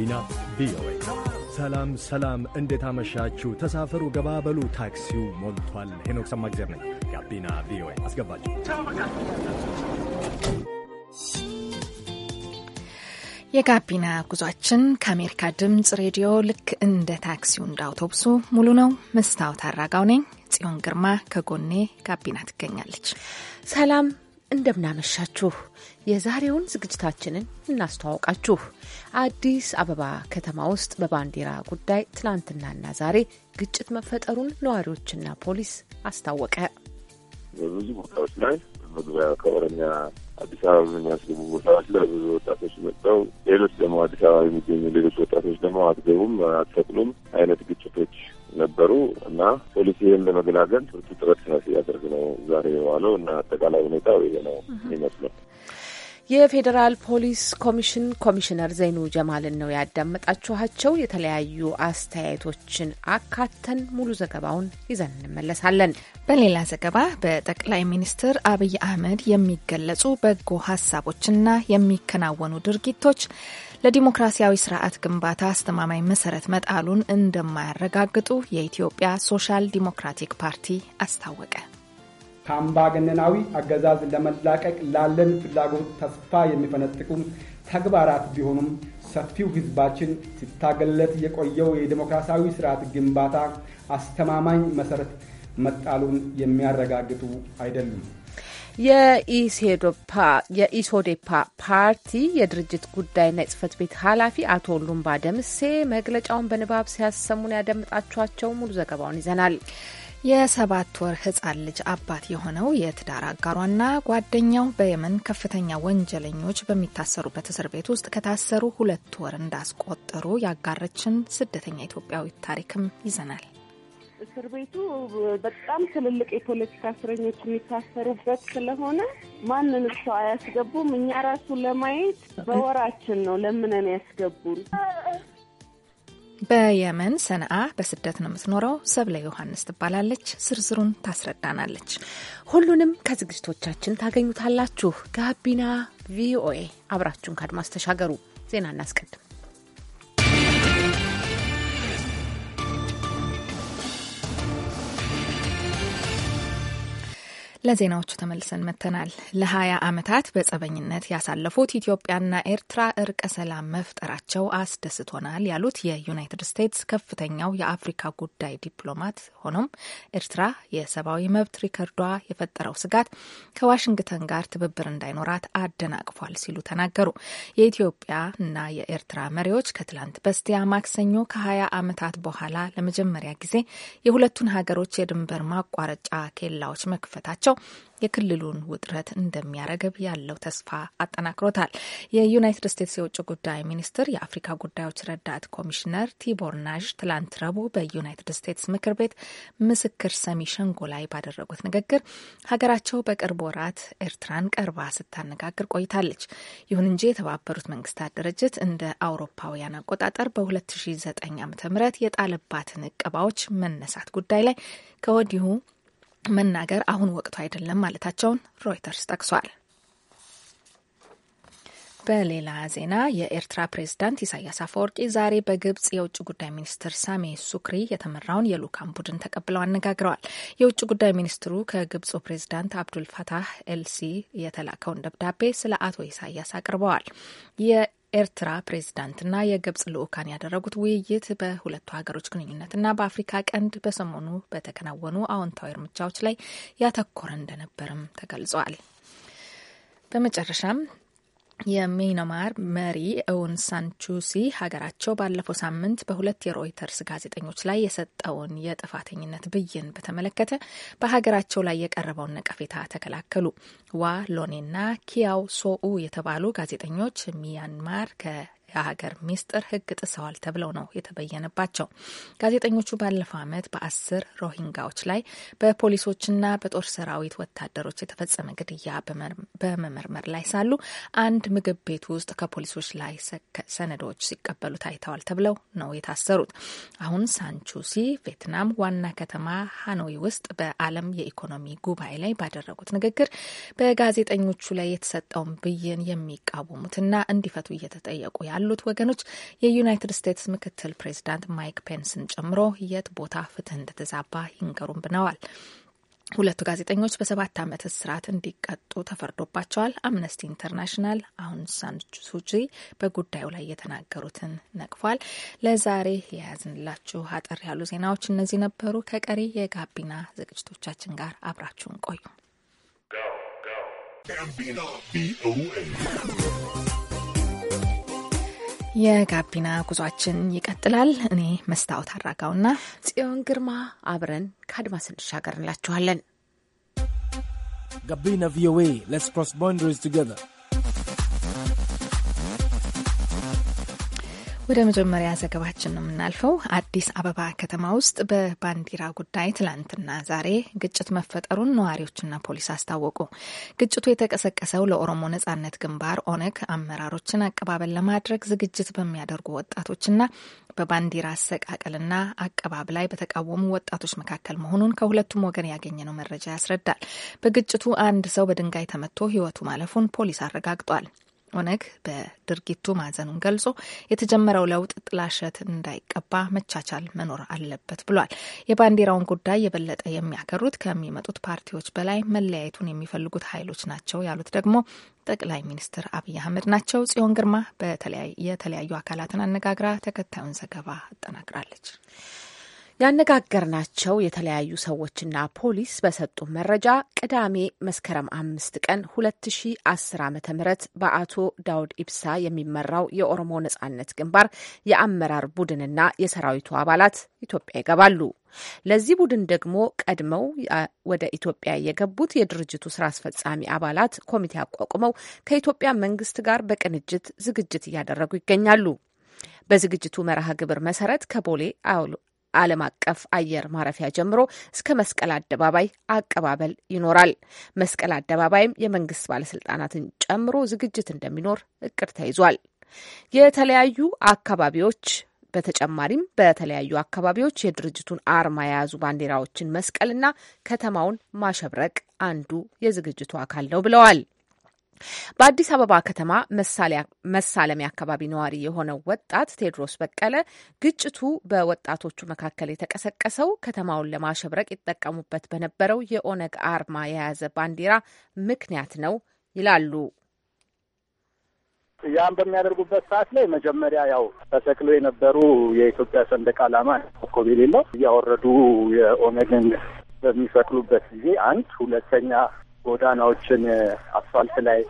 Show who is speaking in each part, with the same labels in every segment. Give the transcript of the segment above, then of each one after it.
Speaker 1: ጋቢና ቪኦኤ። ሰላም ሰላም፣ እንዴት አመሻችሁ? ተሳፈሩ፣ ገባበሉ፣ ታክሲው ሞልቷል። ሄኖክ ሰማግዜር ነኝ።
Speaker 2: ጋቢና ቪኦኤ አስገባችሁ።
Speaker 3: የጋቢና ጉዟችን ከአሜሪካ ድምፅ ሬዲዮ ልክ እንደ ታክሲው እንደ አውቶቡሱ ሙሉ ነው። መስታወት አራጋው ነኝ። ጽዮን ግርማ ከጎኔ ጋቢና ትገኛለች። ሰላም እንደምናመሻችሁ የዛሬውን ዝግጅታችንን
Speaker 4: እናስተዋውቃችሁ። አዲስ አበባ ከተማ ውስጥ በባንዲራ ጉዳይ ትናንትናና ዛሬ ግጭት መፈጠሩን ነዋሪዎችና ፖሊስ አስታወቀ።
Speaker 5: በብዙ ቦታዎች ላይ መግቢያ ከኦሮሚያ አዲስ አበባ የሚያስገቡ ቦታዎች ላይ ብዙ ወጣቶች መጥተው፣ ሌሎች ደግሞ አዲስ አበባ የሚገኙ ሌሎች ወጣቶች ደግሞ አትገቡም፣ አትፈቅሉም አይነት ግጭቶች ነበሩ እና ፖሊስ ይህን ለመገላገል ብርቱ ጥረት ሲያደርግ ነው ዛሬ የዋለው እና አጠቃላይ ሁኔታው ይሄ ነው ይመስለው።
Speaker 4: የፌዴራል ፖሊስ ኮሚሽን ኮሚሽነር ዘይኑ ጀማልን ነው ያዳመጣችኋቸው። የተለያዩ
Speaker 3: አስተያየቶችን አካተን ሙሉ ዘገባውን ይዘን እንመለሳለን። በሌላ ዘገባ በጠቅላይ ሚኒስትር አብይ አህመድ የሚገለጹ በጎ ሀሳቦችና የሚከናወኑ ድርጊቶች ለዲሞክራሲያዊ ስርዓት ግንባታ አስተማማኝ መሰረት መጣሉን እንደማያረጋግጡ የኢትዮጵያ ሶሻል ዲሞክራቲክ ፓርቲ አስታወቀ።
Speaker 6: ከአምባገነናዊ አገዛዝ ለመላቀቅ ላለን ፍላጎት ተስፋ የሚፈነጥቁ ተግባራት ቢሆኑም ሰፊው ህዝባችን ሲታገለት የቆየው የዲሞክራሲያዊ ስርዓት ግንባታ አስተማማኝ መሰረት መጣሉን የሚያረጋግጡ አይደሉም።
Speaker 4: የኢሶዴፓ ፓርቲ የድርጅት ጉዳይና የጽህፈት ቤት ኃላፊ አቶ ሉምባ ደምሴ መግለጫውን በንባብ
Speaker 3: ሲያሰሙን ያደምጣችኋቸው ሙሉ ዘገባውን ይዘናል። የሰባት ወር ህጻን ልጅ አባት የሆነው የትዳር አጋሯና ጓደኛው በየመን ከፍተኛ ወንጀለኞች በሚታሰሩበት እስር ቤት ውስጥ ከታሰሩ ሁለት ወር እንዳስቆጠሩ ያጋረችን ስደተኛ ኢትዮጵያዊ ታሪክም ይዘናል።
Speaker 2: እስር ቤቱ በጣም ትልልቅ የፖለቲካ እስረኞች የሚታሰሩበት ስለሆነ ማንን ሰው አያስገቡም። እኛ ራሱ ለማየት በወራችን ነው ለምነን ያስገቡን።
Speaker 3: በየመን ሰነአ በስደት ነው የምትኖረው። ሰብለ ዮሐንስ ትባላለች። ዝርዝሩን ታስረዳናለች። ሁሉንም ከዝግጅቶቻችን ታገኙታላችሁ። ጋቢና ቪኦኤ፣
Speaker 4: አብራችሁን ከአድማስ ተሻገሩ። ዜና እናስቀድም።
Speaker 3: ለዜናዎቹ ተመልሰን መጥተናል። ለሀያ ዓመታት በጸበኝነት ያሳለፉት ኢትዮጵያና ኤርትራ እርቀ ሰላም መፍጠራቸው አስደስቶናል ያሉት የዩናይትድ ስቴትስ ከፍተኛው የአፍሪካ ጉዳይ ዲፕሎማት፣ ሆኖም ኤርትራ የሰብአዊ መብት ሪከርዷ የፈጠረው ስጋት ከዋሽንግተን ጋር ትብብር እንዳይኖራት አደናቅፏል ሲሉ ተናገሩ። የኢትዮጵያና የኤርትራ መሪዎች ከትላንት በስቲያ ማክሰኞ ከሀያ ዓመታት በኋላ ለመጀመሪያ ጊዜ የሁለቱን ሀገሮች የድንበር ማቋረጫ ኬላዎች መክፈታቸው መሆናቸው የክልሉን ውጥረት እንደሚያረገብ ያለው ተስፋ አጠናክሮታል። የዩናይትድ ስቴትስ የውጭ ጉዳይ ሚኒስትር የአፍሪካ ጉዳዮች ረዳት ኮሚሽነር ቲቦር ናዥ ትላንት ረቡዕ በዩናይትድ ስቴትስ ምክር ቤት ምስክር ሰሚ ሸንጎ ላይ ባደረጉት ንግግር ሀገራቸው በቅርብ ወራት ኤርትራን ቀርባ ስታነጋግር ቆይታለች። ይሁን እንጂ የተባበሩት መንግስታት ድርጅት እንደ አውሮፓውያን አቆጣጠር በ2009 ም የጣለባትን እቀባዎች መነሳት ጉዳይ ላይ ከወዲሁ መናገር አሁን ወቅቱ አይደለም ማለታቸውን ሮይተርስ ጠቅሷል። በሌላ ዜና የኤርትራ ፕሬዝዳንት ኢሳያስ አፈወርቂ ዛሬ በግብጽ የውጭ ጉዳይ ሚኒስትር ሳሜ ሱክሪ የተመራውን የልኡካን ቡድን ተቀብለው አነጋግረዋል። የውጭ ጉዳይ ሚኒስትሩ ከግብፁ ፕሬዝዳንት አብዱልፈታህ ኤልሲ የተላከውን ደብዳቤ ስለ አቶ ኢሳያስ አቅርበዋል። ኤርትራ ፕሬዚዳንትና የግብጽ ልዑካን ያደረጉት ውይይት በሁለቱ ሀገሮች ግንኙነትና በአፍሪካ ቀንድ በሰሞኑ በተከናወኑ አዎንታዊ እርምጃዎች ላይ ያተኮረ እንደነበርም ተገልጿል። በመጨረሻም የሚኖማር መሪ እውን ሳንቹሲ ሀገራቸው ባለፈው ሳምንት በሁለት የሮይተርስ ጋዜጠኞች ላይ የሰጠውን የጥፋተኝነት ብይን በተመለከተ በሀገራቸው ላይ የቀረበውን ነቀፌታ ተከላከሉ። ዋ ሎኔና ኪያው ሶኡ የተባሉ ጋዜጠኞች ሚያንማር የሀገር ሚስጥር ህግ ጥሰዋል ተብለው ነው የተበየነባቸው። ጋዜጠኞቹ ባለፈው ዓመት በአስር ሮሂንጋዎች ላይ በፖሊሶችና በጦር ሰራዊት ወታደሮች የተፈጸመ ግድያ በመመርመር ላይ ሳሉ አንድ ምግብ ቤት ውስጥ ከፖሊሶች ላይ ሰነዶች ሲቀበሉ ታይተዋል ተብለው ነው የታሰሩት። አሁን ሳንቹሲ ቬትናም ዋና ከተማ ሃኖይ ውስጥ በዓለም የኢኮኖሚ ጉባኤ ላይ ባደረጉት ንግግር በጋዜጠኞቹ ላይ የተሰጠውን ብይን የሚቃወሙትና እንዲፈቱ እየተጠየቁ ያሉ ላሉት ወገኖች የዩናይትድ ስቴትስ ምክትል ፕሬዚዳንት ማይክ ፔንስን ጨምሮ የት ቦታ ፍትህ እንደተዛባ ይንገሩም ብለዋል። ሁለቱ ጋዜጠኞች በሰባት ዓመት እስራት እንዲቀጡ ተፈርዶባቸዋል። አምነስቲ ኢንተርናሽናል አሁን ሳን ሱጂ በጉዳዩ ላይ የተናገሩትን ነቅፏል። ለዛሬ የያዝንላችሁ አጠር ያሉ ዜናዎች እነዚህ ነበሩ። ከቀሪ የጋቢና ዝግጅቶቻችን ጋር አብራችሁን ቆዩ። የጋቢና ጉዟችን ይቀጥላል። እኔ መስታወት አራጋውና ጽዮን ግርማ አብረን ከአድማስ እንሻገር እንላችኋለን። ጋቢና ቪኦኤ ስ ፕሮስ ባውንደሪስ ቱገር ወደ መጀመሪያ ዘገባችን ነው የምናልፈው። አዲስ አበባ ከተማ ውስጥ በባንዲራ ጉዳይ ትላንትና ዛሬ ግጭት መፈጠሩን ነዋሪዎችና ፖሊስ አስታወቁ። ግጭቱ የተቀሰቀሰው ለኦሮሞ ነጻነት ግንባር ኦነግ አመራሮችን አቀባበል ለማድረግ ዝግጅት በሚያደርጉ ወጣቶችና በባንዲራ አሰቃቀልና አቀባብ ላይ በተቃወሙ ወጣቶች መካከል መሆኑን ከሁለቱም ወገን ያገኘነው መረጃ ያስረዳል። በግጭቱ አንድ ሰው በድንጋይ ተመቶ ሕይወቱ ማለፉን ፖሊስ አረጋግጧል። ኦነግ በድርጊቱ ማዘኑን ገልጾ የተጀመረው ለውጥ ጥላሸት እንዳይቀባ መቻቻል መኖር አለበት ብሏል። የባንዲራውን ጉዳይ የበለጠ የሚያከሩት ከሚመጡት ፓርቲዎች በላይ መለያየቱን የሚፈልጉት ኃይሎች ናቸው ያሉት ደግሞ ጠቅላይ ሚኒስትር አብይ አህመድ ናቸው። ጽዮን ግርማ የተለያዩ አካላትን አነጋግራ ተከታዩን ዘገባ አጠናቅራለች።
Speaker 4: ያነጋገርናቸው የተለያዩ ሰዎችና ፖሊስ በሰጡ መረጃ ቅዳሜ መስከረም አምስት ቀን ሁለት ሺ አስር በአቶ ዳውድ ኢብሳ የሚመራው የኦሮሞ ነጻነት ግንባር የአመራር ቡድንና የሰራዊቱ አባላት ኢትዮጵያ ይገባሉ። ለዚህ ቡድን ደግሞ ቀድመው ወደ ኢትዮጵያ የገቡት የድርጅቱ ስራ አስፈጻሚ አባላት ኮሚቴ አቋቁመው ከኢትዮጵያ መንግስት ጋር በቅንጅት ዝግጅት እያደረጉ ይገኛሉ። በዝግጅቱ መርሃ ግብር መሰረት ከቦሌ ዓለም አቀፍ አየር ማረፊያ ጀምሮ እስከ መስቀል አደባባይ አቀባበል ይኖራል። መስቀል አደባባይም የመንግስት ባለስልጣናትን ጨምሮ ዝግጅት እንደሚኖር እቅድ ተይዟል። የተለያዩ አካባቢዎች በተጨማሪም በተለያዩ አካባቢዎች የድርጅቱን አርማ የያዙ ባንዲራዎችን መስቀልና ከተማውን ማሸብረቅ አንዱ የዝግጅቱ አካል ነው ብለዋል። በአዲስ አበባ ከተማ መሳለሚያ አካባቢ ነዋሪ የሆነው ወጣት ቴድሮስ በቀለ ግጭቱ በወጣቶቹ መካከል የተቀሰቀሰው ከተማውን ለማሸብረቅ ይጠቀሙበት በነበረው የኦነግ አርማ የያዘ ባንዲራ ምክንያት ነው ይላሉ።
Speaker 1: ያን በሚያደርጉበት ሰዓት ላይ መጀመሪያ ያው ተሰቅሎ የነበሩ የኢትዮጵያ ሰንደቅ ዓላማ ኮብ የሌለው እያወረዱ የኦነግን በሚሰቅሉበት ጊዜ አንድ ሁለተኛ ጎዳናዎችን አስፋልት ላይ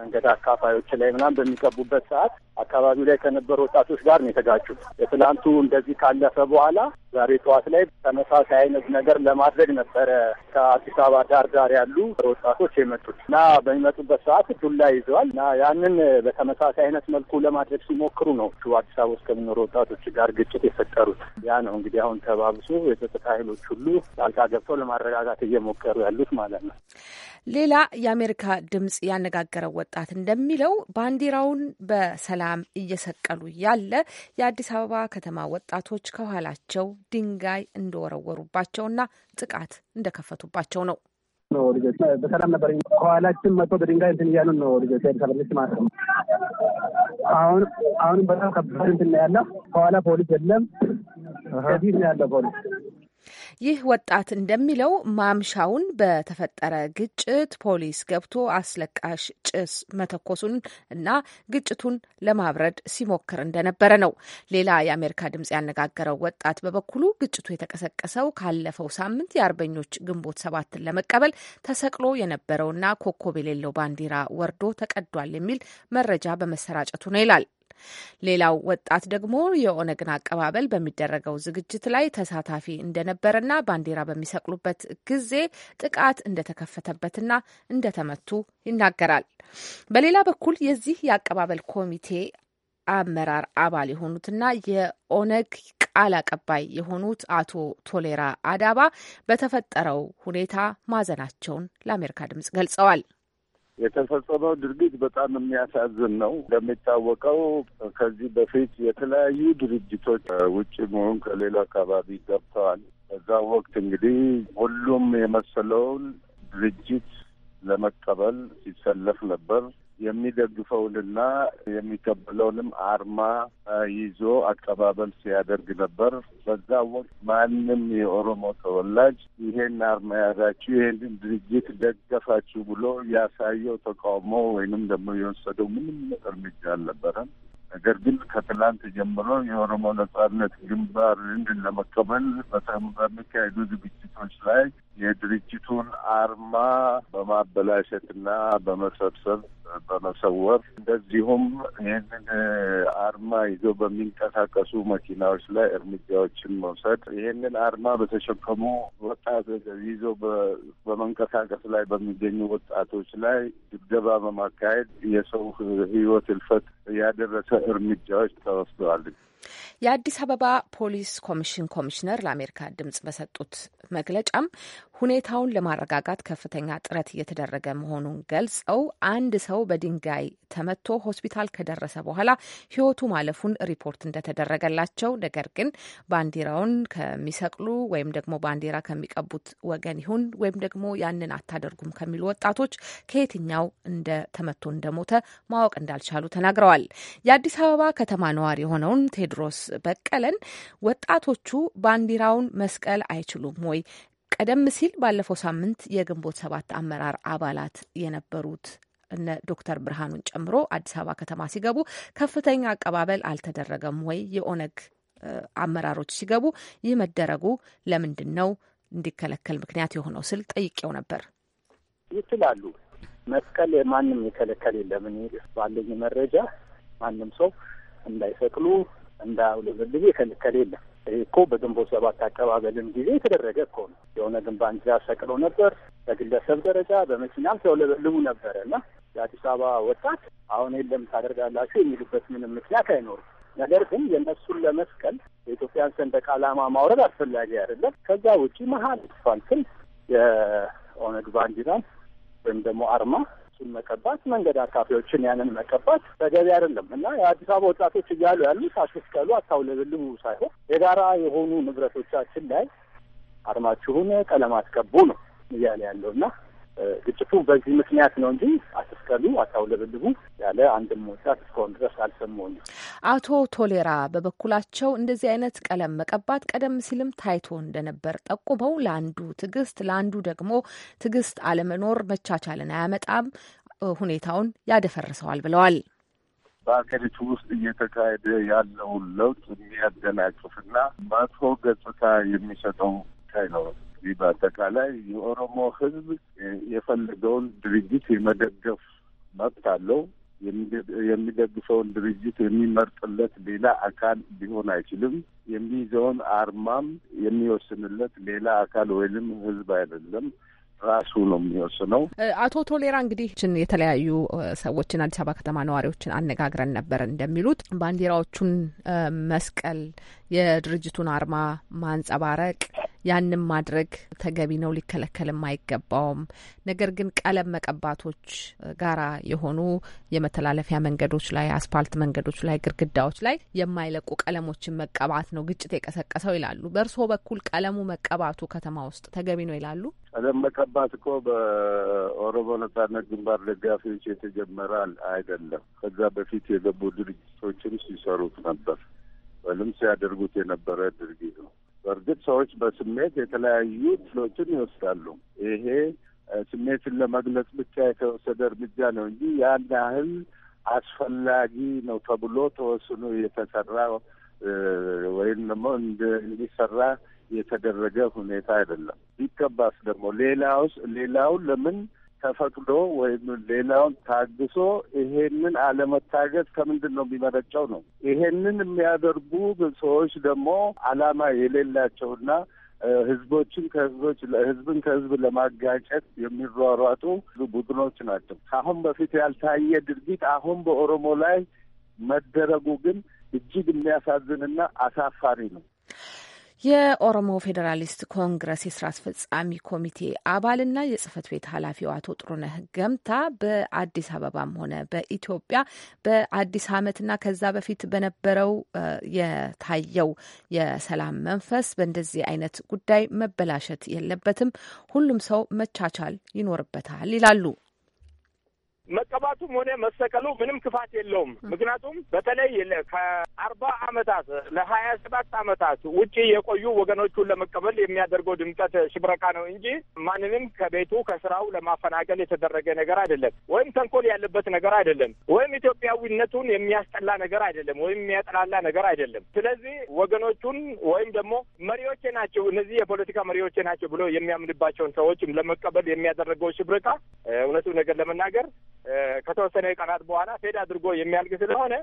Speaker 1: መንገድ አካፋዮች ላይ ምናምን በሚቀቡበት ሰዓት አካባቢው ላይ ከነበሩ ወጣቶች ጋር ነው የተጋጩት። የትላንቱ እንደዚህ ካለፈ በኋላ ዛሬ ጠዋት ላይ ተመሳሳይ አይነት ነገር ለማድረግ ነበረ ከአዲስ አበባ ዳር ዳር ያሉ ወጣቶች የመጡት እና በሚመጡበት ሰዓት ዱላ ይዘዋል እና ያንን በተመሳሳይ አይነት መልኩ ለማድረግ ሲሞክሩ ነው አዲስ አበባ ውስጥ ከሚኖሩ ወጣቶች ጋር ግጭት የፈጠሩት። ያ ነው እንግዲህ አሁን ተባብሶ የጸጥታ ኃይሎች ሁሉ ጣልቃ ገብተው ለማረጋጋት እየሞከሩ ያሉት ማለት ነው።
Speaker 4: ሌላ የአሜሪካ ድምፅ ያነጋገረው ወጣት እንደሚለው ባንዲራውን በሰላም እየሰቀሉ ያለ የአዲስ አበባ ከተማ ወጣቶች ከኋላቸው ድንጋይ እንደወረወሩባቸውና ጥቃት እንደከፈቱባቸው ነው።
Speaker 1: ነው ልጆች በሰላም ነበር። ከኋላችን መጥቶ በድንጋይ እንትን እያሉን ነው ልጆች ተበልስ ማለት ነው። አሁን አሁንም በጣም ከባድ እንትን ያለ ከኋላ ፖሊስ የለም፣ ከፊት ነው ያለው ፖሊስ
Speaker 4: ይህ ወጣት እንደሚለው ማምሻውን በተፈጠረ ግጭት ፖሊስ ገብቶ አስለቃሽ ጭስ መተኮሱን እና ግጭቱን ለማብረድ ሲሞክር እንደነበረ ነው። ሌላ የአሜሪካ ድምጽ ያነጋገረው ወጣት በበኩሉ ግጭቱ የተቀሰቀሰው ካለፈው ሳምንት የአርበኞች ግንቦት ሰባትን ለመቀበል ተሰቅሎ የነበረውና ኮከብ የሌለው ባንዲራ ወርዶ ተቀዷል የሚል መረጃ በመሰራጨቱ ነው ይላል። ሌላው ወጣት ደግሞ የኦነግን አቀባበል በሚደረገው ዝግጅት ላይ ተሳታፊ እንደነበረና ባንዲራ በሚሰቅሉበት ጊዜ ጥቃት እንደተከፈተበትና እንደተመቱ ይናገራል። በሌላ በኩል የዚህ የአቀባበል ኮሚቴ አመራር አባል የሆኑትና የኦነግ ቃል አቀባይ የሆኑት አቶ ቶሌራ አዳባ በተፈጠረው ሁኔታ ማዘናቸውን ለአሜሪካ ድምጽ ገልጸዋል።
Speaker 5: የተፈጸመው ድርጊት በጣም የሚያሳዝን ነው። እንደሚታወቀው ከዚህ በፊት የተለያዩ ድርጅቶች ውጭ መሆን ከሌላ አካባቢ ገብተዋል። በዛ ወቅት እንግዲህ ሁሉም የመሰለውን ድርጅት ለመቀበል ሲሰለፍ ነበር። የሚደግፈውንና የሚቀበለውንም አርማ ይዞ አቀባበል ሲያደርግ ነበር። በዛ ወቅት ማንም የኦሮሞ ተወላጅ ይሄን አርማ ያዛችሁ፣ ይሄንን ድርጅት ደገፋችሁ ብሎ ያሳየው ተቃውሞ ወይንም ደግሞ የወሰደው ምንም እርምጃ አልነበረም። ነገር ግን ከትላንት ጀምሮ የኦሮሞ ነጻነት ግንባርን ለመቀበል በሚካሄዱ ዝግጅቶች ላይ የድርጅቱን አርማ በማበላሸትና በመሰብሰብ በመሰወር እንደዚሁም ይህንን አርማ ይዘው በሚንቀሳቀሱ መኪናዎች ላይ እርምጃዎችን መውሰድ ይህንን አርማ በተሸከሙ ወጣት ይዘው በመንቀሳቀስ ላይ በሚገኙ ወጣቶች ላይ ድብደባ በማካሄድ የሰው ሕይወት እልፈት ያደረሰ እርምጃዎች ተወስደዋል።
Speaker 4: የአዲስ አበባ ፖሊስ ኮሚሽን ኮሚሽነር ለአሜሪካ ድምጽ በሰጡት መግለጫም ሁኔታውን ለማረጋጋት ከፍተኛ ጥረት እየተደረገ መሆኑን ገልጸው አንድ ሰው በድንጋይ ተመቶ ሆስፒታል ከደረሰ በኋላ ሕይወቱ ማለፉን ሪፖርት እንደተደረገላቸው፣ ነገር ግን ባንዲራውን ከሚሰቅሉ ወይም ደግሞ ባንዲራ ከሚቀቡት ወገን ይሁን ወይም ደግሞ ያንን አታደርጉም ከሚሉ ወጣቶች ከየትኛው እንደ ተመቶ እንደሞተ ማወቅ እንዳልቻሉ ተናግረዋል። የአዲስ አበባ ከተማ ነዋሪ የሆነውን ቴድሮስ በቀለን ወጣቶቹ ባንዲራውን መስቀል አይችሉም ወይ ቀደም ሲል ባለፈው ሳምንት የግንቦት ሰባት አመራር አባላት የነበሩት እነ ዶክተር ብርሃኑን ጨምሮ አዲስ አበባ ከተማ ሲገቡ ከፍተኛ አቀባበል አልተደረገም ወይ? የኦነግ አመራሮች ሲገቡ ይህ መደረጉ ለምንድን ነው እንዲከለከል ምክንያት የሆነው ስል ጠይቄው ነበር።
Speaker 1: ይችላሉ መስቀል ማንም የከለከል የለምን ባለኝ መረጃ ማንም ሰው እንዳይሰቅሉ እንዳያውለበልብ የከለከል የለም። ይህ እኮ በግንቦት ሰባት አቀባበልም ጊዜ የተደረገ እኮ ነው። የኦነግን ባንዲራ ሰቅሎ ነበር። በግለሰብ ደረጃ በመኪናም ሲያውለበልቡ ነበረ እና የአዲስ አበባ ወጣት አሁን የለም ታደርጋላችሁ የሚሉበት ምንም ምክንያት አይኖርም። ነገር ግን የእነሱን ለመስቀል የኢትዮጵያን ሰንደቅ ዓላማ ማውረድ አስፈላጊ አይደለም። ከዛ ውጪ መሀል ፋንክን የኦነግ ባንዲራን ወይም ደግሞ አርማ እሱን መቀባት መንገድ አካፊዎችን ያንን መቀባት ተገቢ አይደለም እና የአዲስ አበባ ወጣቶች እያሉ ያሉት አትስቀሉ፣ አታውለበልቡ ሳይሆን የጋራ የሆኑ ንብረቶቻችን ላይ አርማችሁን ቀለማት ቀቡ ነው እያለ ያለው እና ግጭቱ በዚህ ምክንያት ነው እንጂ አትስቀሉ፣ አታውለበልቡ ያለ አንድም ወጣት እስካሁን ድረስ አልሰማሁኝም።
Speaker 4: አቶ ቶሌራ በበኩላቸው እንደዚህ አይነት ቀለም መቀባት ቀደም ሲልም ታይቶ እንደነበር ጠቁመው ለአንዱ ትዕግስት፣ ለአንዱ ደግሞ ትዕግስት አለመኖር መቻቻልን አያመጣም፣ ሁኔታውን ያደፈርሰዋል ብለዋል።
Speaker 5: በሀገሪቱ ውስጥ እየተካሄደ ያለውን ለውጥ የሚያደናቅፍና መጥፎ ገጽታ የሚሰጠው ታይ ነው እንግዲህ በአጠቃላይ የኦሮሞ ህዝብ የፈለገውን ድርጅት የመደገፍ መብት አለው። የሚደግፈውን ድርጅት የሚመርጥለት ሌላ አካል ሊሆን አይችልም። የሚይዘውን አርማም የሚወስንለት ሌላ አካል ወይንም ህዝብ አይደለም። ራሱ ነው የሚወስነው።
Speaker 4: አቶ ቶሌራ እንግዲህ ችን የተለያዩ ሰዎችን አዲስ አበባ ከተማ ነዋሪዎችን አነጋግረን ነበር። እንደሚሉት ባንዲራዎቹን መስቀል፣ የድርጅቱን አርማ ማንጸባረቅ ያንም ማድረግ ተገቢ ነው፣ ሊከለከልም አይገባውም። ነገር ግን ቀለም መቀባቶች ጋራ የሆኑ የመተላለፊያ መንገዶች ላይ፣ አስፋልት መንገዶች ላይ፣ ግድግዳዎች ላይ የማይለቁ ቀለሞችን መቀባት ነው ግጭት የቀሰቀሰው ይላሉ። በእርስዎ በኩል ቀለሙ መቀባቱ ከተማ ውስጥ ተገቢ ነው ይላሉ?
Speaker 5: ቀለም መቀባት እኮ በኦሮሞ ነጻነት ግንባር ደጋፊዎች የተጀመረ አይደለም። ከዛ በፊት የገቡ ድርጅቶችም ሲሰሩት ነበር ወይም ሲያደርጉት የነበረ ድርጊት ነው። በእርግጥ ሰዎች በስሜት የተለያዩ ትሎችን ይወስዳሉ። ይሄ ስሜትን ለመግለጽ ብቻ የተወሰደ እርምጃ ነው እንጂ ያን ያህል አስፈላጊ ነው ተብሎ ተወስኖ የተሰራ ወይም ደግሞ እንዲሰራ የተደረገ ሁኔታ አይደለም። ቢገባስ ደግሞ ሌላውስ ሌላው ለምን ተፈቅዶ ወይም ሌላውን ታግሶ ይሄንን አለመታገዝ ከምንድን ነው የሚመረጨው ነው። ይሄንን የሚያደርጉ ሰዎች ደግሞ አላማ የሌላቸውና ህዝቦችን ከህዝቦች ህዝብን ከህዝብ ለማጋጨት የሚሯሯጡ ቡድኖች ናቸው። ከአሁን በፊት ያልታየ ድርጊት አሁን በኦሮሞ ላይ መደረጉ ግን እጅግ የሚያሳዝንና አሳፋሪ ነው።
Speaker 4: የኦሮሞ ፌዴራሊስት ኮንግረስ የስራ አስፈጻሚ ኮሚቴ አባልና የጽህፈት ቤት ኃላፊው አቶ ጥሩነህ ገምታ በአዲስ አበባም ሆነ በኢትዮጵያ በአዲስ ዓመትና ከዛ በፊት በነበረው የታየው የሰላም መንፈስ በእንደዚህ አይነት ጉዳይ መበላሸት የለበትም፣ ሁሉም ሰው መቻቻል ይኖርበታል ይላሉ።
Speaker 7: መቀባቱም ሆነ መሰቀሉ ምንም ክፋት የለውም። ምክንያቱም በተለይ አርባ አመታት ለሀያ ሰባት አመታት ውጭ የቆዩ ወገኖቹን ለመቀበል የሚያደርገው ድምቀት ሽብረቃ ነው እንጂ ማንንም ከቤቱ ከስራው ለማፈናቀል የተደረገ ነገር አይደለም፣ ወይም ተንኮል ያለበት ነገር አይደለም፣ ወይም ኢትዮጵያዊነቱን የሚያስጠላ ነገር አይደለም፣ ወይም የሚያጠላላ ነገር አይደለም። ስለዚህ ወገኖቹን ወይም ደግሞ መሪዎቼ ናቸው እነዚህ የፖለቲካ መሪዎቼ ናቸው ብሎ የሚያምንባቸውን ሰዎችም ለመቀበል የሚያደረገው ሽብረቃ እውነቱ ነገር ለመናገር ከተወሰነ ቀናት በኋላ ፌድ አድርጎ የሚያልግ ስለሆነ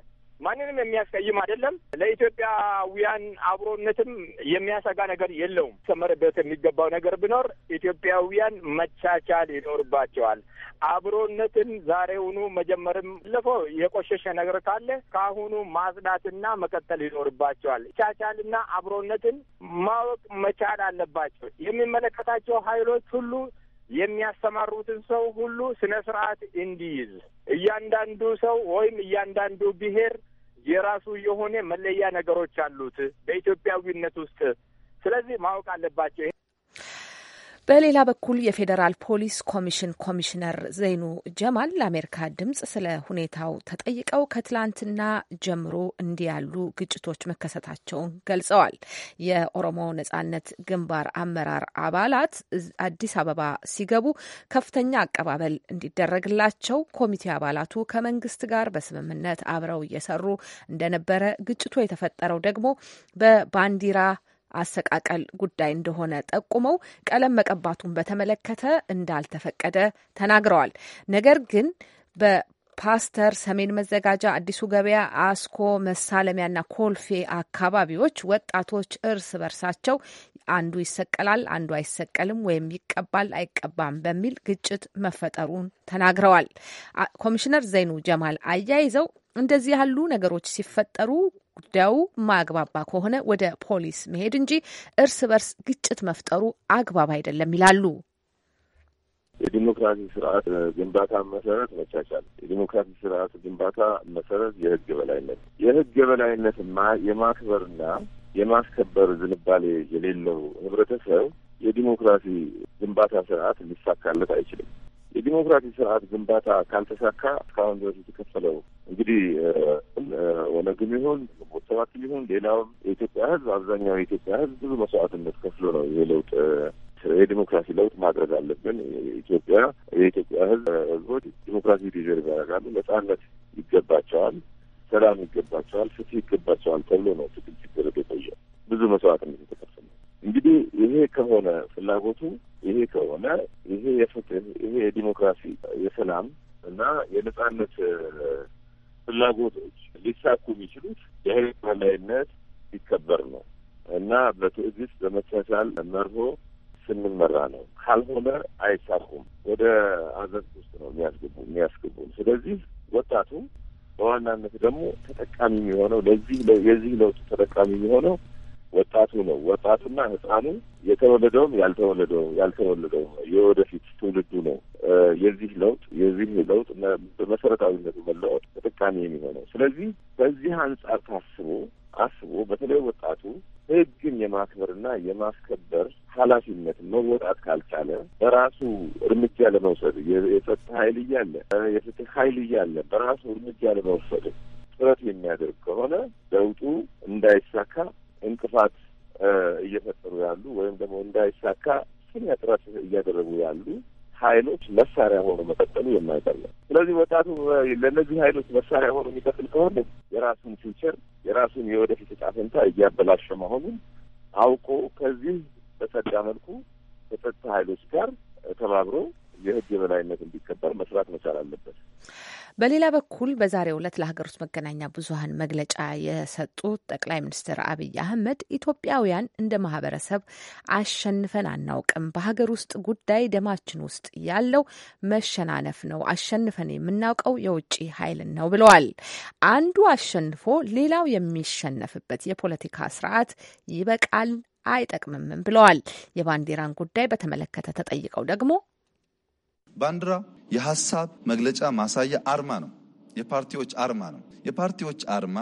Speaker 7: ማንንም የሚያስቀይም አይደለም። ለኢትዮጵያውያን አብሮነትም የሚያሰጋ ነገር የለውም። ሰመረበት የሚገባው ነገር ቢኖር ኢትዮጵያውያን መቻቻል ይኖርባቸዋል። አብሮነትን ዛሬውኑ መጀመርም ለፈው የቆሸሸ ነገር ካለ ከአሁኑ ማጽዳትና መቀጠል ይኖርባቸዋል። መቻቻልና አብሮነትን ማወቅ መቻል አለባቸው። የሚመለከታቸው ኃይሎች ሁሉ የሚያስተማሩትን ሰው ሁሉ ስነ ስርዓት እንዲይዝ እያንዳንዱ ሰው ወይም እያንዳንዱ ብሔር የራሱ የሆነ መለያ ነገሮች አሉት በኢትዮጵያዊነት ውስጥ። ስለዚህ ማወቅ አለባቸው።
Speaker 4: በሌላ በኩል የፌዴራል ፖሊስ ኮሚሽን ኮሚሽነር ዘይኑ ጀማል ለአሜሪካ ድምጽ ስለ ሁኔታው ተጠይቀው ከትላንትና ጀምሮ እንዲህ ያሉ ግጭቶች መከሰታቸውን ገልጸዋል። የኦሮሞ ነጻነት ግንባር አመራር አባላት አዲስ አበባ ሲገቡ ከፍተኛ አቀባበል እንዲደረግላቸው ኮሚቴ አባላቱ ከመንግስት ጋር በስምምነት አብረው እየሰሩ እንደነበረ ግጭቱ የተፈጠረው ደግሞ በባንዲራ አሰቃቀል ጉዳይ እንደሆነ ጠቁመው ቀለም መቀባቱን በተመለከተ እንዳልተፈቀደ ተናግረዋል። ነገር ግን በ ፓስተር ሰሜን መዘጋጃ፣ አዲሱ ገበያ፣ አስኮ መሳለሚያና ኮልፌ አካባቢዎች ወጣቶች እርስ በርሳቸው አንዱ ይሰቀላል፣ አንዱ አይሰቀልም ወይም ይቀባል፣ አይቀባም በሚል ግጭት መፈጠሩን ተናግረዋል። ኮሚሽነር ዘይኑ ጀማል አያይዘው እንደዚህ ያሉ ነገሮች ሲፈጠሩ ጉዳዩ ማግባባ ከሆነ ወደ ፖሊስ መሄድ እንጂ እርስ በርስ ግጭት መፍጠሩ አግባብ አይደለም ይላሉ።
Speaker 5: የዲሞክራሲ ስርዓት ግንባታ መሰረት መቻቻል፣ የዲሞክራሲ ስርዓት ግንባታ መሰረት የህግ የበላይነት፣ የህግ የበላይነት የማክበርና የማስከበር ዝንባሌ የሌለው ህብረተሰብ የዲሞክራሲ ግንባታ ስርዓት ሊሳካለት አይችልም። የዲሞክራሲ ስርዓት ግንባታ ካልተሳካ እስካሁን ድረስ የተከፈለው እንግዲህ ኦነግም ይሁን ግንቦት ሰባትም ይሁን ሌላውም የኢትዮጵያ ሕዝብ አብዛኛው የኢትዮጵያ ሕዝብ ብዙ መስዋዕትነት ከፍሎ ነው ይሄ ለውጥ የዲሞክራሲ ለውጥ ማድረግ አለብን። ኢትዮጵያ የኢትዮጵያ ሕዝብ ሕዝቦች ዲሞክራሲ ዲዘርቭ ያደርጋሉ፣ ነጻነት ይገባቸዋል፣ ሰላም ይገባቸዋል፣ ፍትህ ይገባቸዋል ተብሎ ነው ትግል ሲደረግ የቆየ ብዙ መስዋዕትነት የተከፈለ እንግዲህ ይሄ ከሆነ ፍላጎቱ ይሄ ከሆነ ይሄ የፍትህ ይሄ የዲሞክራሲ የሰላም እና የነጻነት ፍላጎቶች ሊሳኩ የሚችሉት የህግ በላይነት ሊከበር ነው እና በትዕግስት በመቻቻል መርሆ ስንመራ ነው። ካልሆነ አይሳኩም። ወደ አዘቅት ውስጥ ነው የሚያስገቡ የሚያስገቡን። ስለዚህ ወጣቱ በዋናነት ደግሞ ተጠቃሚ የሚሆነው ለዚህ የዚህ ለውጥ ተጠቃሚ የሚሆነው ወጣቱ ነው። ወጣቱና ህፃኑ የተወለደውም ያልተወለደው ያልተወለደው የወደፊት ትውልዱ ነው። የዚህ ለውጥ የዚህ ለውጥ በመሰረታዊነቱ መለወጥ ተጠቃሚ የሚሆነው ስለዚህ በዚህ አንጻር ታስቦ አስቦ በተለይ ወጣቱ ህግን የማክበርና የማስከበር ኃላፊነት መወጣት ካልቻለ በራሱ እርምጃ ለመውሰድ የፍትህ ኃይል እያለ የፍትህ ኃይል እያለ በራሱ እርምጃ ለመውሰድ ጥረት የሚያደርግ ከሆነ ለውጡ እንዳይሳካ እንቅፋት እየፈጠሩ ያሉ ወይም ደግሞ እንዳይሳካ ከፍተኛ ጥረት እያደረጉ ያሉ ኃይሎች መሳሪያ ሆኖ መቀጠሉ የማይቀር ነው። ስለዚህ ወጣቱ ለእነዚህ ኃይሎች መሳሪያ ሆኖ የሚቀጥል ከሆነ የራሱን ፊውቸር የራሱን የወደፊት ዕጣ ፈንታ እያበላሸ መሆኑን አውቆ ከዚህ በጸዳ መልኩ ከጸጥታ ኃይሎች ጋር ተባብሮ የሕግ የበላይነት እንዲከበር መስራት መቻል አለበት።
Speaker 4: በሌላ በኩል በዛሬው ዕለት ለሀገር ውስጥ መገናኛ ብዙኃን መግለጫ የሰጡት ጠቅላይ ሚኒስትር አብይ አህመድ ኢትዮጵያውያን እንደ ማህበረሰብ አሸንፈን አናውቅም። በሀገር ውስጥ ጉዳይ ደማችን ውስጥ ያለው መሸናነፍ ነው። አሸንፈን የምናውቀው የውጭ ኃይልን ነው ብለዋል። አንዱ አሸንፎ ሌላው የሚሸነፍበት የፖለቲካ ስርዓት ይበቃል፣ አይጠቅምምም ብለዋል። የባንዲራን ጉዳይ በተመለከተ ተጠይቀው ደግሞ
Speaker 8: ባንዲራ የሀሳብ መግለጫ ማሳያ አርማ ነው። የፓርቲዎች አርማ ነው። የፓርቲዎች አርማ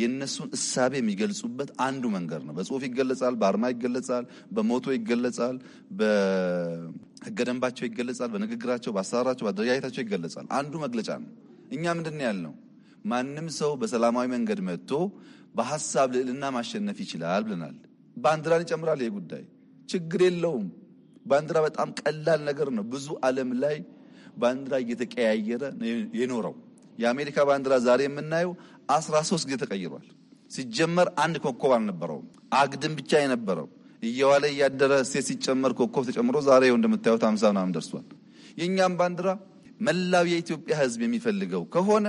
Speaker 8: የእነሱን እሳቤ የሚገልጹበት አንዱ መንገድ ነው። በጽሁፍ ይገለጻል፣ በአርማ ይገለጻል፣ በሞቶ ይገለጻል፣ በህገ ደንባቸው ይገለጻል፣ በንግግራቸው፣ በአሰራራቸው፣ በአደረጃጀታቸው ይገለጻል። አንዱ መግለጫ ነው። እኛ ምንድን ነው ያልነው? ማንም ሰው በሰላማዊ መንገድ መጥቶ በሀሳብ ልዕልና ማሸነፍ ይችላል ብለናል። ባንዲራን ይጨምራል። ይህ ጉዳይ ችግር የለውም። ባንዲራ በጣም ቀላል ነገር ነው። ብዙ ዓለም ላይ ባንዲራ እየተቀያየረ የኖረው የአሜሪካ ባንዲራ ዛሬ የምናየው አስራ ሶስት ጊዜ ተቀይሯል። ሲጀመር አንድ ኮከብ አልነበረውም። አግድም ብቻ የነበረው እየዋለ እያደረ ሴት ሲጨመር ኮከብ ተጨምሮ ዛሬ እንደምታዩት ሃምሳ ምናምን ደርሷል። የእኛም ባንዲራ መላው የኢትዮጵያ ሕዝብ የሚፈልገው ከሆነ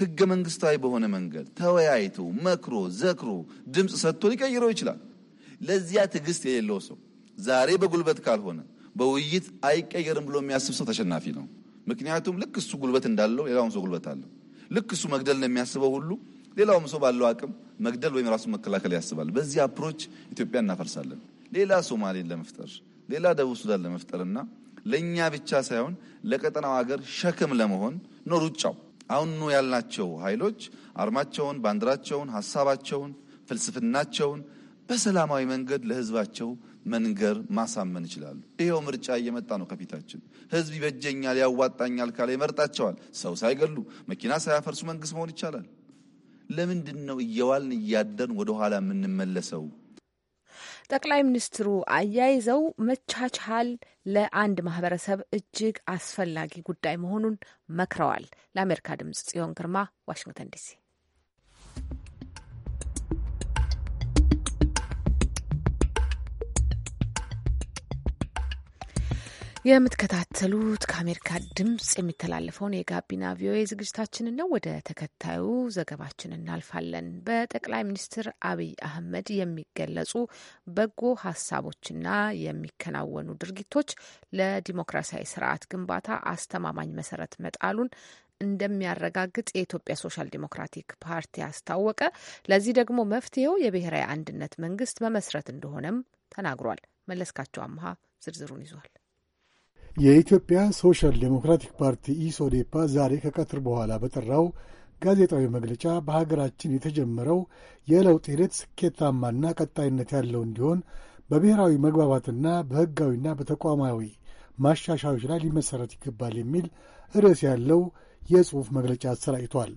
Speaker 8: ህገ መንግስታዊ በሆነ መንገድ ተወያይቶ መክሮ ዘክሮ ድምፅ ሰጥቶ ሊቀይረው ይችላል። ለዚያ ትዕግስት የሌለው ሰው ዛሬ በጉልበት ካልሆነ በውይይት አይቀየርም ብሎ የሚያስብ ሰው ተሸናፊ ነው። ምክንያቱም ልክ እሱ ጉልበት እንዳለው ሌላውም ሰው ጉልበት አለው። ልክ እሱ መግደል ነው የሚያስበው ሁሉ ሌላውም ሰው ባለው አቅም መግደል ወይም ራሱን መከላከል ያስባል። በዚህ አፕሮች ኢትዮጵያ እናፈርሳለን። ሌላ ሶማሌን ለመፍጠር ሌላ ደቡብ ሱዳን ለመፍጠርና ለእኛ ብቻ ሳይሆን ለቀጠናው ሀገር ሸክም ለመሆን ነው ሩጫው። አሁን ያልናቸው ኃይሎች አርማቸውን፣ ባንዲራቸውን፣ ሀሳባቸውን፣ ፍልስፍናቸውን በሰላማዊ መንገድ ለህዝባቸው መንገር ማሳመን ይችላሉ። ይኸው ምርጫ እየመጣ ነው ከፊታችን። ህዝብ ይበጀኛል፣ ያዋጣኛል ካለ ይመርጣቸዋል። ሰው ሳይገሉ መኪና ሳያፈርሱ መንግስት መሆን ይቻላል። ለምንድን ነው እየዋልን እያደርን ወደኋላ የምንመለሰው?
Speaker 4: ጠቅላይ ሚኒስትሩ አያይዘው መቻቻል ለአንድ ማህበረሰብ እጅግ አስፈላጊ ጉዳይ መሆኑን መክረዋል። ለአሜሪካ ድምጽ ጽዮን ግርማ ዋሽንግተን ዲሲ የምትከታተሉት ከአሜሪካ ድምፅ የሚተላለፈውን የጋቢና ቪኦኤ ዝግጅታችንን ነው። ወደ ተከታዩ ዘገባችን እናልፋለን። በጠቅላይ ሚኒስትር አብይ አህመድ የሚገለጹ በጎ ሀሳቦችና የሚከናወኑ ድርጊቶች ለዲሞክራሲያዊ ስርዓት ግንባታ አስተማማኝ መሰረት መጣሉን እንደሚያረጋግጥ የኢትዮጵያ ሶሻል ዲሞክራቲክ ፓርቲ አስታወቀ። ለዚህ ደግሞ መፍትሄው የብሔራዊ አንድነት መንግስት መመስረት እንደሆነም ተናግሯል። መለስካቸው አምሃ ዝርዝሩን ይዟል።
Speaker 9: የኢትዮጵያ ሶሻል ዴሞክራቲክ ፓርቲ ኢሶዴፓ ዛሬ ከቀትር በኋላ በጠራው ጋዜጣዊ መግለጫ በሀገራችን የተጀመረው የለውጥ ሂደት ስኬታማና ቀጣይነት ያለው እንዲሆን በብሔራዊ መግባባትና በሕጋዊና በተቋማዊ ማሻሻዮች ላይ ሊመሠረት ይገባል የሚል ርዕስ ያለው የጽሑፍ መግለጫ አሰራጭቷል።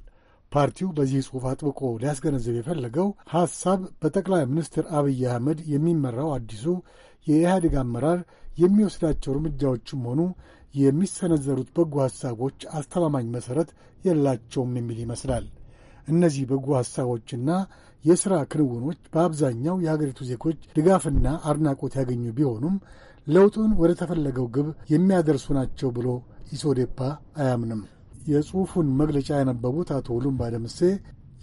Speaker 9: ፓርቲው በዚህ ጽሑፍ አጥብቆ ሊያስገነዝብ የፈለገው ሐሳብ በጠቅላይ ሚኒስትር አብይ አህመድ የሚመራው አዲሱ የኢህአዴግ አመራር የሚወስዳቸው እርምጃዎችም ሆኑ የሚሰነዘሩት በጎ ሐሳቦች አስተማማኝ መሠረት የላቸውም የሚል ይመስላል። እነዚህ በጎ ሐሳቦችና የሥራ ክንውኖች በአብዛኛው የሀገሪቱ ዜጎች ድጋፍና አድናቆት ያገኙ ቢሆኑም ለውጡን ወደ ተፈለገው ግብ የሚያደርሱ ናቸው ብሎ ኢሶዴፓ አያምንም። የጽሑፉን መግለጫ ያነበቡት አቶ ሁሉም ባለምሴ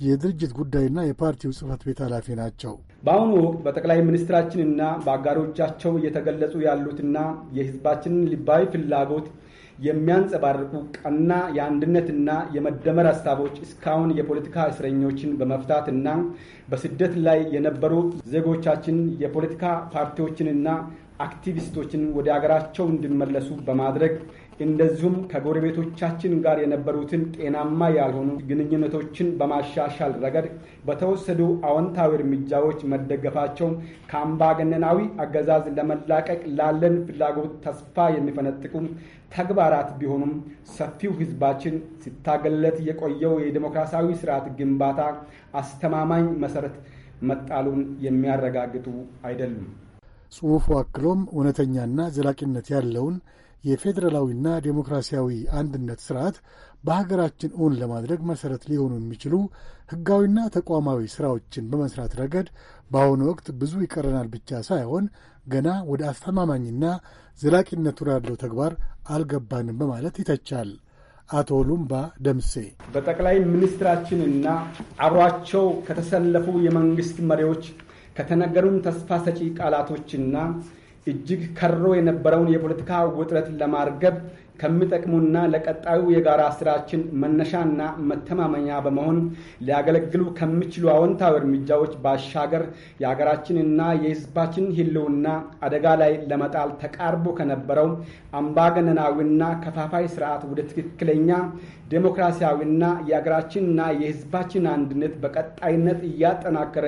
Speaker 9: የድርጅት ጉዳይና የፓርቲው ጽህፈት ቤት ኃላፊ ናቸው።
Speaker 6: በአሁኑ ወቅት በጠቅላይ ሚኒስትራችንና በአጋሮቻቸው እየተገለጹ ያሉትና የህዝባችንን ልባዊ ፍላጎት የሚያንጸባርቁ ቀና የአንድነትና የመደመር ሀሳቦች እስካሁን የፖለቲካ እስረኞችን በመፍታትና በስደት ላይ የነበሩ ዜጎቻችን የፖለቲካ ፓርቲዎችንና አክቲቪስቶችን ወደ ሀገራቸው እንዲመለሱ በማድረግ እንደዚሁም ከጎረቤቶቻችን ጋር የነበሩትን ጤናማ ያልሆኑ ግንኙነቶችን በማሻሻል ረገድ በተወሰዱ አዎንታዊ እርምጃዎች መደገፋቸው ከአምባገነናዊ አገዛዝ ለመላቀቅ ላለን ፍላጎት ተስፋ የሚፈነጥቁ ተግባራት ቢሆኑም ሰፊው ሕዝባችን ሲታገለት የቆየው የዲሞክራሲያዊ ስርዓት ግንባታ አስተማማኝ መሰረት መጣሉን የሚያረጋግጡ አይደሉም።
Speaker 9: ጽሑፉ አክሎም እውነተኛና ዘላቂነት ያለውን የፌዴራላዊና ዴሞክራሲያዊ አንድነት ስርዓት በሀገራችን እውን ለማድረግ መሠረት ሊሆኑ የሚችሉ ሕጋዊና ተቋማዊ ሥራዎችን በመሥራት ረገድ በአሁኑ ወቅት ብዙ ይቀረናል ብቻ ሳይሆን ገና ወደ አስተማማኝና ዘላቂነቱ ያለው ተግባር አልገባንም በማለት
Speaker 6: ይተቻል። አቶ ሉምባ ደምሴ በጠቅላይ ሚኒስትራችንና አብሯቸው ከተሰለፉ የመንግሥት መሪዎች ከተነገሩን ተስፋ ሰጪ ቃላቶችና እጅግ ከሮ የነበረውን የፖለቲካ ውጥረት ለማርገብ ከሚጠቅሙና ለቀጣዩ የጋራ ስራችን መነሻና መተማመኛ በመሆን ሊያገለግሉ ከሚችሉ አዎንታዊ እርምጃዎች ባሻገር የሀገራችንና የሕዝባችን ህልውና አደጋ ላይ ለመጣል ተቃርቦ ከነበረው አምባገነናዊና ከፋፋይ ስርዓት ወደ ትክክለኛ ዴሞክራሲያዊና የሀገራችንና የሕዝባችን አንድነት በቀጣይነት እያጠናከረ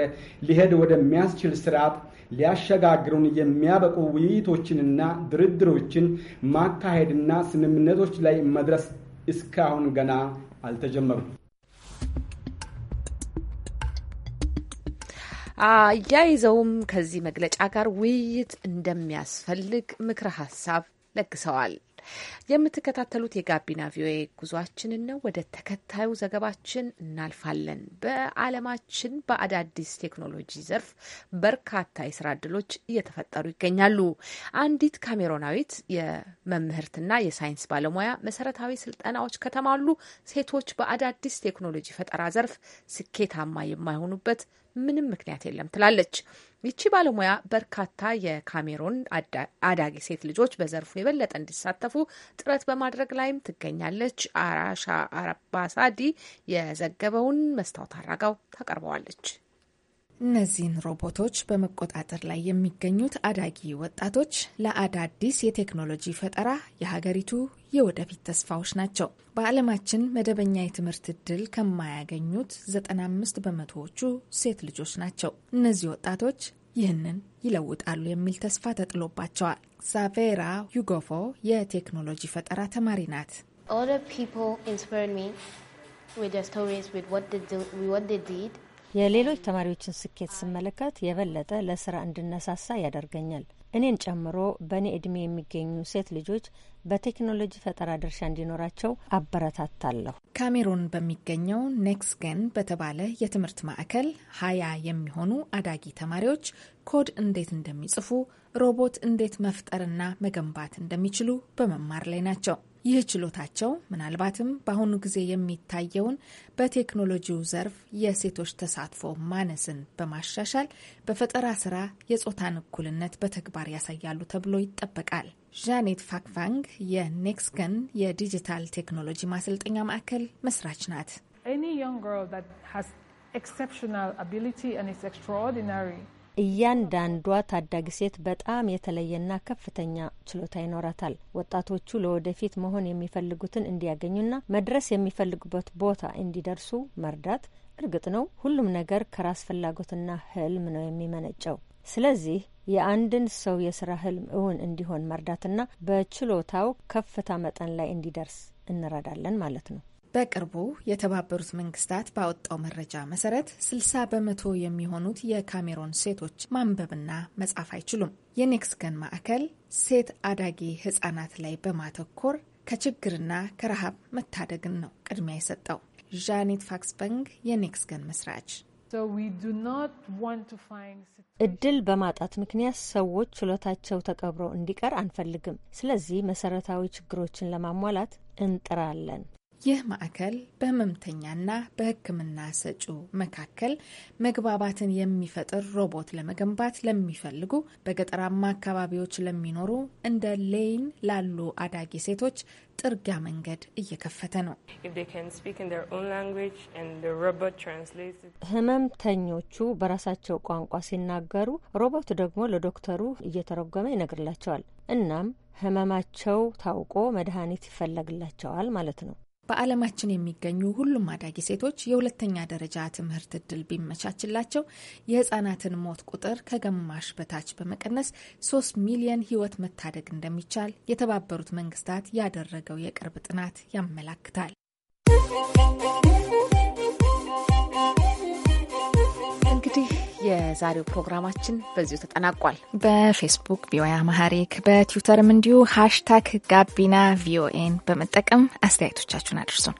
Speaker 6: ሊሄድ ወደሚያስችል ስርዓት ሊያሸጋግሩን የሚያበቁ ውይይቶችንና ድርድሮችን ማካሄድና ስምምነቶች ላይ መድረስ እስካሁን ገና አልተጀመሩም።
Speaker 4: አያይዘውም ከዚህ መግለጫ ጋር ውይይት እንደሚያስፈልግ ምክረ ሀሳብ ለግሰዋል። የምትከታተሉት የጋቢና ቪኦኤ ጉዟችንን ነው። ወደ ተከታዩ ዘገባችን እናልፋለን። በዓለማችን በአዳዲስ ቴክኖሎጂ ዘርፍ በርካታ የስራ እድሎች እየተፈጠሩ ይገኛሉ። አንዲት ካሜሮናዊት የመምህርትና የሳይንስ ባለሙያ መሰረታዊ ስልጠናዎች ከተማሉ ሴቶች በአዳዲስ ቴክኖሎጂ ፈጠራ ዘርፍ ስኬታማ የማይሆኑበት ምንም ምክንያት የለም ትላለች። ይቺ ባለሙያ በርካታ የካሜሮን አዳጊ ሴት ልጆች በዘርፉ የበለጠ እንዲሳተፉ ጥረት በማድረግ ላይም ትገኛለች። አራሻ አረባሳዲ የዘገበውን መስታወት አራጋው ታቀርበዋለች።
Speaker 3: እነዚህን ሮቦቶች በመቆጣጠር ላይ የሚገኙት አዳጊ ወጣቶች ለአዳዲስ የቴክኖሎጂ ፈጠራ የሀገሪቱ የወደፊት ተስፋዎች ናቸው። በዓለማችን መደበኛ የትምህርት እድል ከማያገኙት 95 በመቶዎቹ ሴት ልጆች ናቸው። እነዚህ ወጣቶች ይህንን ይለውጣሉ የሚል ተስፋ ተጥሎባቸዋል። ዛቬራ ዩጎፎ የቴክኖሎጂ ፈጠራ ተማሪ ናት።
Speaker 2: የሌሎች ተማሪዎችን ስኬት ስመለከት የበለጠ ለስራ እንድነሳሳ ያደርገኛል። እኔን ጨምሮ በእኔ እድሜ የሚገኙ ሴት ልጆች በቴክኖሎጂ ፈጠራ ድርሻ
Speaker 3: እንዲኖራቸው አበረታታለሁ። ካሜሩን በሚገኘው ገን በተባለ የትምህርት ማዕከል ሀያ የሚሆኑ አዳጊ ተማሪዎች ኮድ እንዴት እንደሚጽፉ፣ ሮቦት እንዴት መፍጠርና መገንባት እንደሚችሉ በመማር ላይ ናቸው። ይህ ችሎታቸው ምናልባትም በአሁኑ ጊዜ የሚታየውን በቴክኖሎጂው ዘርፍ የሴቶች ተሳትፎ ማነስን በማሻሻል በፈጠራ ስራ የጾታን እኩልነት በተግባር ያሳያሉ ተብሎ ይጠበቃል። ዣኔት ፋክቫንግ የኔክስገን የዲጂታል ቴክኖሎጂ ማሰልጠኛ ማዕከል መስራች ናት። Any young girl that has exceptional ability and is extraordinary እያንዳንዷ ታዳጊ ሴት
Speaker 2: በጣም የተለየና ከፍተኛ ችሎታ ይኖራታል። ወጣቶቹ ለወደፊት መሆን የሚፈልጉትን እንዲያገኙና መድረስ የሚፈልጉበት ቦታ እንዲደርሱ መርዳት። እርግጥ ነው ሁሉም ነገር ከራስ ፍላጎትና ህልም ነው የሚመነጨው። ስለዚህ የአንድን ሰው የስራ ህልም እውን እንዲሆን መርዳትና በችሎታው ከፍታ መጠን ላይ እንዲደርስ
Speaker 3: እንረዳለን ማለት ነው። በቅርቡ የተባበሩት መንግስታት ባወጣው መረጃ መሰረት 60 በመቶ የሚሆኑት የካሜሮን ሴቶች ማንበብና መጻፍ አይችሉም። የኔክስ ገን ማዕከል ሴት አዳጊ ህጻናት ላይ በማተኮር ከችግርና ከረሃብ መታደግን ነው ቅድሚያ የሰጠው። ዣኔት ፋክስበንግ የኔክስ ገን መስራች እድል በማጣት ምክንያት ሰዎች
Speaker 2: ችሎታቸው ተቀብሮ እንዲቀር አንፈልግም። ስለዚህ መሰረታዊ ችግሮችን ለማሟላት
Speaker 3: እንጥራለን። ይህ ማዕከል በህመምተኛና በሕክምና ሰጩ መካከል መግባባትን የሚፈጥር ሮቦት ለመገንባት ለሚፈልጉ በገጠራማ አካባቢዎች ለሚኖሩ እንደ ሌይን ላሉ አዳጊ ሴቶች ጥርጊያ መንገድ እየከፈተ ነው።
Speaker 2: ህመምተኞቹ በራሳቸው ቋንቋ ሲናገሩ ሮቦት ደግሞ ለዶክተሩ እየተረጎመ ይነግርላቸዋል። እናም ህመማቸው ታውቆ መድኃኒት ይፈለግላቸዋል
Speaker 3: ማለት ነው። በዓለማችን የሚገኙ ሁሉም አዳጊ ሴቶች የሁለተኛ ደረጃ ትምህርት እድል ቢመቻችላቸው የህጻናትን ሞት ቁጥር ከግማሽ በታች በመቀነስ ሶስት ሚሊየን ህይወት መታደግ እንደሚቻል የተባበሩት መንግስታት ያደረገው የቅርብ ጥናት ያመላክታል።
Speaker 4: የዛሬው ፕሮግራማችን በዚሁ ተጠናቋል።
Speaker 3: በፌስቡክ ቪኦኤ አማሃሪክ በትዊተርም እንዲሁ ሃሽታግ ጋቢና ቪኦኤን በመጠቀም አስተያየቶቻችሁን አድርሱን።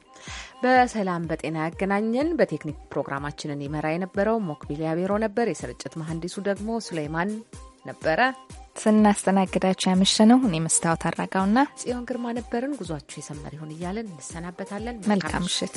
Speaker 4: በሰላም በጤና ያገናኘን። በቴክኒክ ፕሮግራማችንን ይመራ የነበረው ሞክቢል ያቤሮ ነበር። የስርጭት መሐንዲሱ ደግሞ ሱሌይማን ነበረ።
Speaker 3: ስናስተናግዳችሁ ያመሸ ነው እኔ መስታወት አራጋውና
Speaker 4: ጽዮን ግርማ ነበርን። ጉዟችሁ የሰመር ይሁን እያለን እንሰናበታለን። መልካም
Speaker 3: ምሽት።